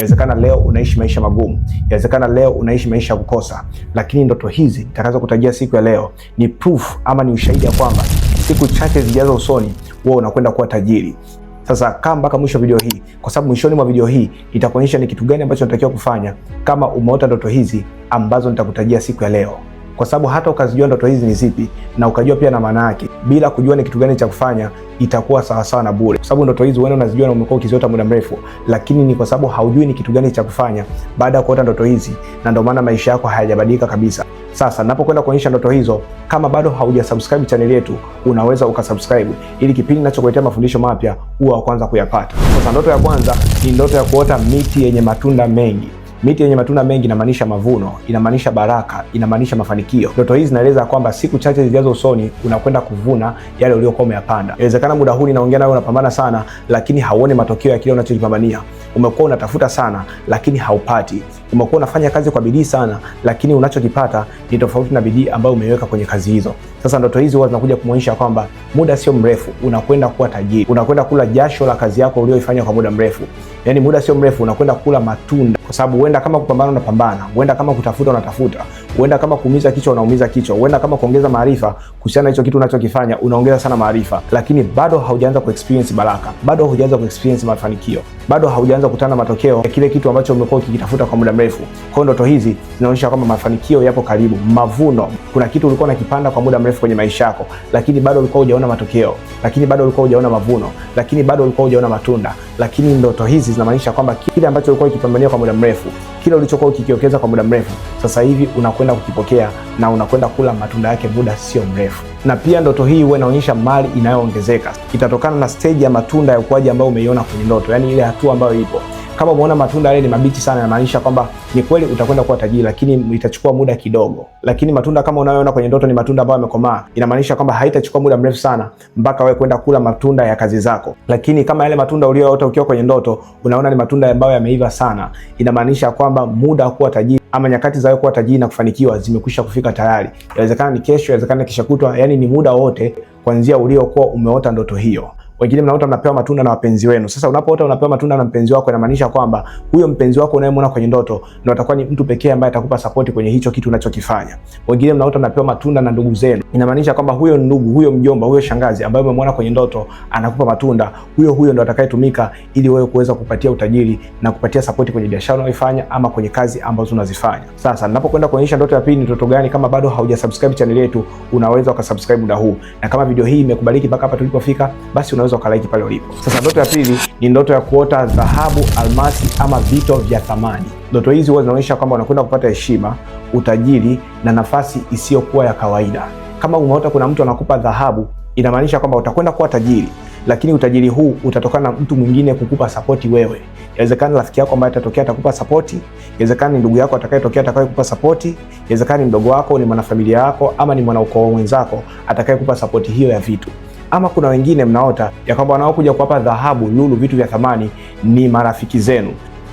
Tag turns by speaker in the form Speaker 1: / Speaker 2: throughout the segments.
Speaker 1: Yawezekana leo unaishi maisha magumu, inawezekana leo unaishi maisha ya kukosa, lakini ndoto hizi nitakazo kutajia siku ya leo ni proof ama ni ushahidi ya kwamba siku chache zijazo usoni wewe unakwenda kuwa tajiri. Sasa kaa mpaka mwisho video hii, kwa sababu mwishoni mwa video hii nitakuonyesha ni kitu gani ambacho unatakiwa kufanya kama umeota ndoto hizi ambazo nitakutajia siku ya leo kwa sababu hata ukazijua ndoto hizi ni zipi na ukajua pia na maana yake bila kujua ni kitu gani cha kufanya, itakuwa sawasawa na bure, kwa sababu ndoto hizi wewe unazijua na umekuwa ukiziota muda mrefu, lakini ni kwa sababu haujui ni kitu gani cha kufanya baada ya kuota ndoto hizi, na ndio maana maisha yako hayajabadilika kabisa. Sasa napokwenda kuonyesha ndoto hizo, kama bado haujasubscribe channel yetu, unaweza ukasubscribe ili kipindi ninachokuletea mafundisho mapya uwe wa kwanza kuyapata. Sasa ndoto ya kwanza ni ndoto ya kuota miti yenye matunda mengi. Miti yenye matunda mengi inamaanisha mavuno, inamaanisha baraka, inamaanisha mafanikio. Ndoto hii zinaeleza kwamba siku chache zijazo usoni unakwenda kuvuna yale uliokuwa umeyapanda. Inawezekana muda huu ninaongea nawe unapambana sana, lakini hauoni matokeo ya kile unachokipambania. Umekuwa unatafuta sana, lakini haupati. Umekuwa unafanya kazi kwa bidii sana, lakini unachokipata ni tofauti na bidii ambayo umeiweka kwenye kazi hizo. Sasa ndoto hizi huwa zinakuja kumwonyesha kwamba muda sio mrefu unakwenda kuwa tajiri, unakwenda kula jasho la kazi yako uliyoifanya kwa muda mrefu. Yaani muda sio mrefu unakwenda kula matunda kwa sababu huenda kama kupambana unapambana, huenda kama kutafuta unatafuta, Huenda kama kuumiza kichwa, unaumiza kichwa. Huenda kama kuongeza maarifa kuhusiana na hicho kitu unachokifanya, unaongeza sana maarifa, lakini bado haujaanza kuexperience baraka, bado haujaanza kuexperience mafanikio, bado haujaanza kutana matokeo ya kile kitu ambacho umekuwa ukikitafuta kwa muda mrefu. Kwa ndoto hizi zinaonyesha kwamba mafanikio yapo karibu, mavuno. Kuna kitu ulikuwa unakipanda kwa muda mrefu kwenye maisha yako, lakini bado ulikuwa hujaona matokeo, lakini bado ulikuwa hujaona mavuno, lakini bado ulikuwa hujaona matunda. Lakini ndoto hizi zinamaanisha kwamba kile ambacho ulikuwa ukipambania kwa muda mrefu, kile ulichokuwa ukikiokeza kwa muda mrefu, sasa hivi una unakwenda kukipokea na unakwenda kula matunda yake muda sio mrefu na pia ndoto hii huwa inaonyesha mali inayoongezeka. Itatokana na stage ya matunda ya ukuaji ambayo umeiona kwenye ndoto, yani ile hatua ambayo ipo. Kama umeona matunda yale ni mabichi sana, inamaanisha kwamba ni kweli utakwenda kuwa tajiri, lakini itachukua muda kidogo. Lakini matunda kama unayoona kwenye ndoto ni matunda ambayo yamekomaa, inamaanisha kwamba haitachukua muda mrefu sana mpaka wewe kwenda kula matunda ya kazi zako. Lakini kama yale matunda uliyoota ukiwa kwenye ndoto unaona ni matunda ambayo yameiva sana, inamaanisha kwamba muda wa kuwa tajiri ama nyakati za wewe kuwa tajiri na kufanikiwa zimekwisha kufika tayari. Inawezekana ni kesho, inawezekana kesho kutwa, yani yani ni muda wote kuanzia uliokuwa umeota ndoto hiyo. Wengine mnaota mnapewa matunda na wapenzi wenu. Sasa unapoota unapewa matunda na mpenzi wako, inamaanisha kwamba huyo mpenzi wako unayemwona kwenye ndoto ndo atakuwa ni mtu pekee ambaye atakupa sapoti kwenye hicho kitu unachokifanya. Wengine mnaota mnapewa matunda na ndugu zenu, inamaanisha kwamba huyo ndugu, huyo mjomba, huyo shangazi ambaye umemwona kwenye ndoto anakupa matunda, huyo huyo ndo atakayetumika ili wewe kuweza kupatia utajiri na kupatia sapoti kwenye biashara unayoifanya ama kwenye kazi ambazo unazifanya. Sasa ninapokwenda kuonyesha ndoto ya pili ni ndoto gani, kama bado haujasubscribe channel yetu, unaweza ukasubscribe muda huu, na kama video hii imekubariki mpaka hapa tulipofika, basi unaweza unaweza ukalaiki pale ulipo. Sasa ndoto ya pili ni ndoto ya kuota dhahabu, almasi ama vito vya thamani. Ndoto hizi huwa zinaonyesha kwamba unakwenda kupata heshima, utajiri na nafasi isiyokuwa ya kawaida. Kama umeota kuna mtu anakupa dhahabu, inamaanisha kwamba utakwenda kuwa tajiri lakini utajiri huu utatokana na mtu mwingine kukupa sapoti wewe. Inawezekana rafiki yako ambaye atatokea atakupa sapoti, inawezekana ni ndugu yako atakayetokea atakayekupa sapoti, inawezekana ni mdogo wako, ni mwanafamilia wako, ama ni mwanaukoo mwenzako atakayekupa sapoti hiyo ya vitu ama kuna wengine mnaota ya kwamba wanaokuja kuwapa dhahabu, lulu, vitu vya thamani ni marafiki zenu.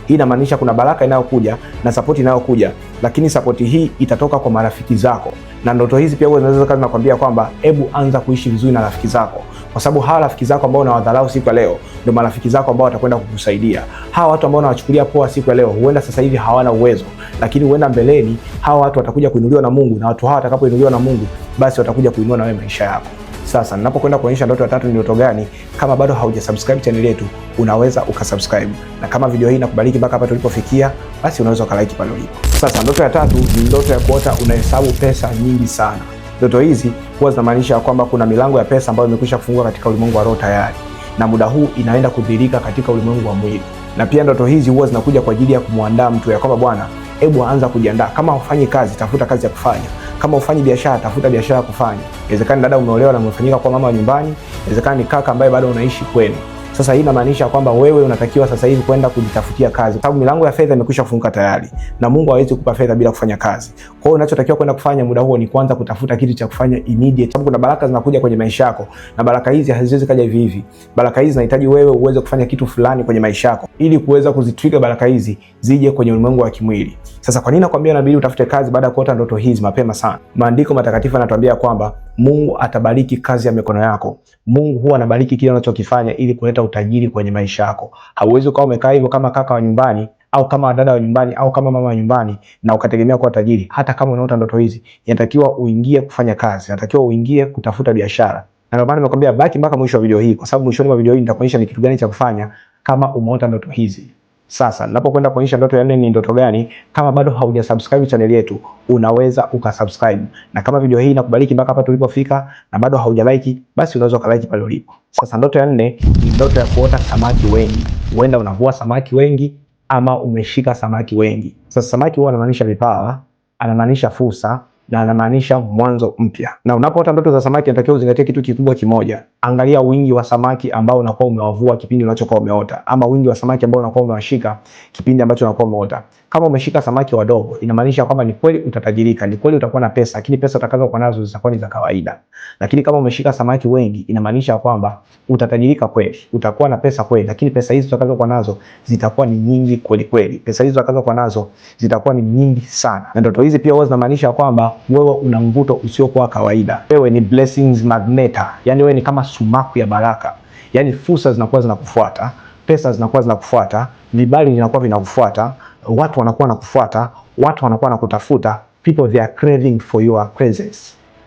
Speaker 1: Hii inamaanisha kuna baraka inayokuja na sapoti inayokuja, lakini sapoti hii itatoka kwa marafiki zako. Na ndoto hizi pia zinaweza kama nakwambia kwamba hebu anza kuishi vizuri na rafiki zako, kwa sababu hawa rafiki zako ambao unawadharau siku ya leo ndio marafiki zako ambao watakwenda kukusaidia. Hawa watu ambao unawachukulia poa siku ya leo, huenda sasa hivi hawana uwezo, lakini huenda mbeleni hawa watu watakuja kuinuliwa na Mungu, na watu hawa watakapoinuliwa na Mungu, basi watakuja kuinua na wewe maisha yako. Sasa ninapokwenda kuonyesha ndoto ya tatu ni ndoto gani, kama bado haujasubscribe channel yetu, unaweza ukasubscribe, na kama video hii inakubariki mpaka hapa tulipofikia, basi unaweza ukalike pale ulipo. Sasa ndoto ya tatu ni ndoto ya kuota unahesabu pesa nyingi sana. Ndoto hizi huwa zinamaanisha kwamba kuna milango ya pesa ambayo imekwisha kufungua katika ulimwengu wa roho tayari, na muda huu inaenda kudhihirika katika ulimwengu wa mwili, na pia ndoto hizi huwa zinakuja kwa ajili ya kumwandaa mtu ya kwamba bwana hebu anza kujiandaa. Kama ufanyi kazi, tafuta kazi ya kufanya. Kama ufanyi biashara, tafuta biashara ya kufanya. Inawezekana dada umeolewa na umefanyika kwa mama wa nyumbani, inawezekana ni kaka ambaye bado unaishi kwenu. Sasa hii inamaanisha kwamba wewe unatakiwa sasa hivi kwenda kujitafutia kazi, sababu milango ya fedha imekwisha kufunguka tayari, na Mungu hawezi kukupa fedha bila kufanya kazi. Kwa hiyo unachotakiwa kwenda kufanya muda huo ni kwanza kutafuta kitu cha kufanya immediate, sababu kuna baraka zinakuja kwenye maisha yako, na baraka hizi haziwezi kaja hivi hivi. Baraka hizi zinahitaji wewe uweze kufanya kitu fulani kwenye maisha yako ili kuweza kuzitwiga baraka hizi zije kwenye ulimwengu wa kimwili. Sasa kwa nini nakwambia inabidi utafute kazi baada ya kuota ndoto hizi mapema sana? Maandiko matakatifu yanatuambia kwamba Mungu atabariki kazi ya mikono yako. Mungu huwa anabariki kile unachokifanya ili kuleta utajiri kwenye maisha yako. Hauwezi ukawa umekaa hivyo kama kaka wa nyumbani au kama dada wa nyumbani au kama mama wa nyumbani na ukategemea kuwa tajiri. Hata kama unaota ndoto hizi, inatakiwa uingie kufanya kazi, inatakiwa uingie kutafuta biashara. Na ndio maana nimekwambia baki mpaka mwisho wa video hii, kwa sababu mwishoni mwa video hii nitakuonyesha ni kitu gani cha kufanya kama umeota ndoto hizi. Sasa ninapokwenda kuonyesha ndoto ya nne ni ndoto gani, kama bado hauja subscribe channel yetu, unaweza ukasubscribe. Na kama video hii inakubariki mpaka hapa tulipofika na bado hauja like, basi unaweza ukalike pale ulipo. Sasa ndoto ya nne ni ndoto ya kuota samaki wengi. Huenda unavua samaki wengi ama umeshika samaki wengi. Sasa samaki huwa anamaanisha vipawa, anamaanisha fursa na anamaanisha mwanzo mpya. Na unapoota ndoto za samaki, natakiwa uzingatie kitu kikubwa kimoja. Angalia wingi wa samaki ambao unakuwa umewavua kipindi unachokuwa umeota, ama wingi wa samaki ambao unakuwa umewashika kipindi ambacho unakuwa umeota. Kama umeshika samaki wadogo, inamaanisha kwamba ni kweli utatajirika, ni kweli utakuwa na pesa, lakini pesa utakazokuwa nazo zitakuwa ni za kawaida. Lakini kama umeshika samaki wengi, inamaanisha kwamba utatajirika kweli, utakuwa na pesa kweli, lakini pesa hizo utakazokuwa nazo zitakuwa ni nyingi kweli kweli. Pesa hizo utakazokuwa nazo zitakuwa ni nyingi sana. Na ndoto hizi pia huwa zinamaanisha kwamba wewe una mvuto usiokuwa kawaida. Wewe ni blessings magnet, yani wewe ni kama sumaku ya baraka. Yani fursa zinakuwa zinakufuata, pesa zinakuwa zinakufuata, vibali vinakuwa vinakufuata watu wanakuwa nakufuata, watu wanakuwa nakutafuta, people they are craving for your presence.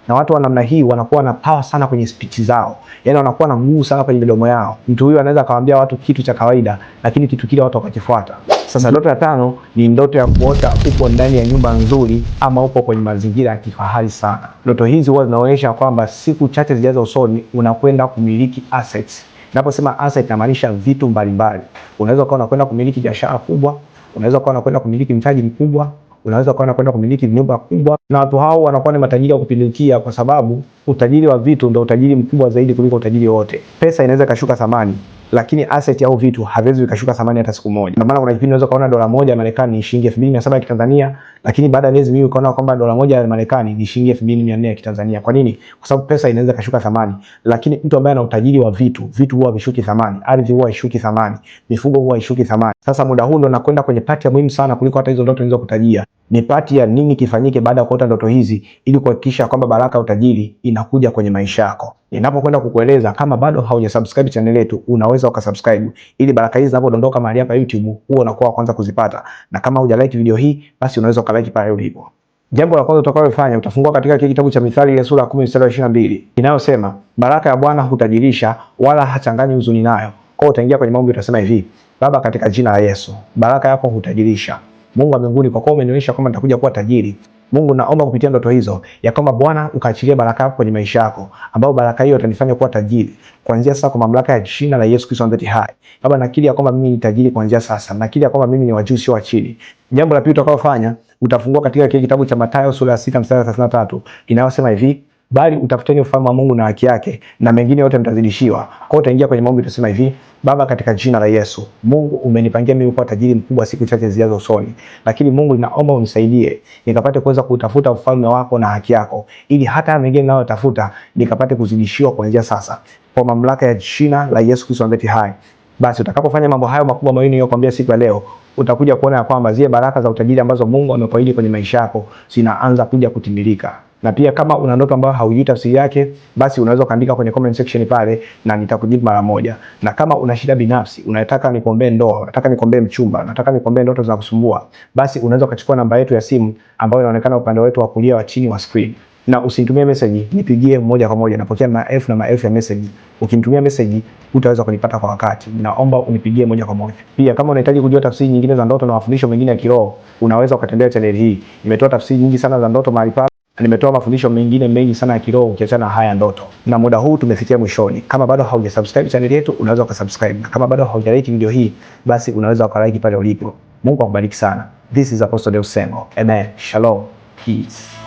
Speaker 1: Na watu wa namna hii wanakuwa na power sana kwenye speech zao, yani wanakuwa na nguvu sana kwenye midomo yao. Mtu huyu anaweza akawaambia watu kitu cha kawaida, lakini kitu kile watu wakakifuata. Sasa ndoto ya tano ni ndoto ya kuota upo ndani ya nyumba nzuri ama upo kwenye mazingira ya kifahari sana. Ndoto hizi huwa zinaonyesha kwamba siku chache zijazo usoni unakwenda kumiliki assets. Naposema asset namaanisha vitu mbalimbali. Unaweza ukawa unakwenda kumiliki biashara kubwa, unaweza kuwa unakwenda kumiliki mtaji mkubwa, unaweza kuwa unakwenda kumiliki nyumba kubwa, na watu hao wanakuwa ni matajiri wa kupindukia, kwa sababu utajiri wa vitu ndio utajiri mkubwa zaidi kuliko utajiri wote. Pesa inaweza ikashuka thamani lakini asset au vitu haviwezi vikashuka thamani hata siku moja. Ndio maana kuna kipindi unaweza kuona dola moja ya Marekani ni shilingi 2700 ya Kitanzania lakini baada ya miezi miwili ukaona kwamba dola moja ya Marekani ni shilingi 2400 ya Kitanzania. Kwa nini? Kwa sababu pesa inaweza kashuka thamani, lakini mtu ambaye ana utajiri wa vitu, vitu huwa vishuki thamani, ardhi huwa ishuki thamani, mifugo huwa ishuki thamani. Sasa muda huu ndo nakwenda kwenye pati ya muhimu sana kuliko hata hizo ndoto nilizokutajia. Ni pati ya nini kifanyike baada ya kuota ndoto hizi ili kuhakikisha kwamba baraka ya utajiri inakuja kwenye maisha yako. Ninapokwenda kukueleza, kama bado haujasubscribe channel yetu, unaweza ukasubscribe ili baraka hizi zinapodondoka mahali hapa YouTube huwa unakuwa kwanza kuzipata, na kama hujalike video hii, basi unaweza ukabaki pale ulipo. Jambo la kwanza utakalofanya utafungua katika kile kitabu cha Mithali ile sura ya 10 mstari wa 22 inayosema baraka ya Bwana hutajirisha wala hachanganyi huzuni nayo. Kwa hiyo utaingia kwenye maombi utasema hivi: Baba, katika jina la Yesu, baraka yako hutajirisha. Mungu wa mbinguni, kwa kuwa umenionyesha kwamba nitakuja kuwa tajiri, Mungu naomba kupitia ndoto hizo ya kwamba Bwana ukaachilie baraka yako kwenye maisha yako, ambayo baraka hiyo itanifanya kuwa tajiri kuanzia sasa, kwa mamlaka ya jina la Yesu Kristo ndani hai. Baba, nakiri ya kwamba mimi ni tajiri kuanzia sasa, nakiri ya kwamba mimi ni wa juu sio wa chini. Jambo la pili utakaofanya utafungua katika kile kitabu cha Mathayo sura ya 6 mstari wa 33 inayosema hivi bali utafuteni ufalme wa Mungu na haki yake na mengine yote mtazidishiwa. Kwa hiyo utaingia kwenye maombi, tusema hivi: Baba, katika jina la Yesu, Mungu umenipangia mimi kuwa tajiri mkubwa siku chache zijazo usoni, lakini Mungu ninaomba unisaidie nikapate kuweza kutafuta ufalme wako na haki yako, ili hata mengine tafuta nikapate kuzidishiwa kuanzia sasa, kwa mamlaka ya jina la Yesu Kristo ambaye hai basi utakapofanya mambo hayo makubwa mawili niliyokuambia siku ya leo, utakuja kuona ya kwamba zile baraka za utajiri ambazo Mungu amekuahidi kwenye maisha yako zinaanza kuja kutimilika na pia kama una ndoto ambayo haujui tafsiri yake, basi unaweza ukaandika kwenye comment section pale na nitakujibu mara moja. Na kama una shida binafsi, unataka nikuombee ndoa, unataka nikuombee mchumba, unataka nikuombee ndoto za kusumbua, basi unaweza ukachukua namba yetu ya simu ambayo inaonekana upande wetu wa kulia wa chini wa screen na usinitumie message, nipigie moja kwa moja. Napokea maelfu na maelfu ya message. Ukinitumia message utaweza kunipata kwa wakati. Naomba unipigie moja kwa moja. Pia kama unahitaji kujua tafsiri nyingine za ndoto na mafundisho mengine ya kiroho, unaweza ukatembea channel hii. Nimetoa tafsiri nyingi sana za ndoto mahali pale nimetoa mafundisho mengine mengi sana ya kiroho ukiachana na haya ndoto, na muda huu tumefikia mwishoni. Kama bado haujasubscribe channel yetu, unaweza ukasubscribe, na kama bado haujalike video hii, basi unaweza ukalike pale ulipo. Mungu akubariki sana. This is Apostle Deusi Sengo, amen. Shalom, peace.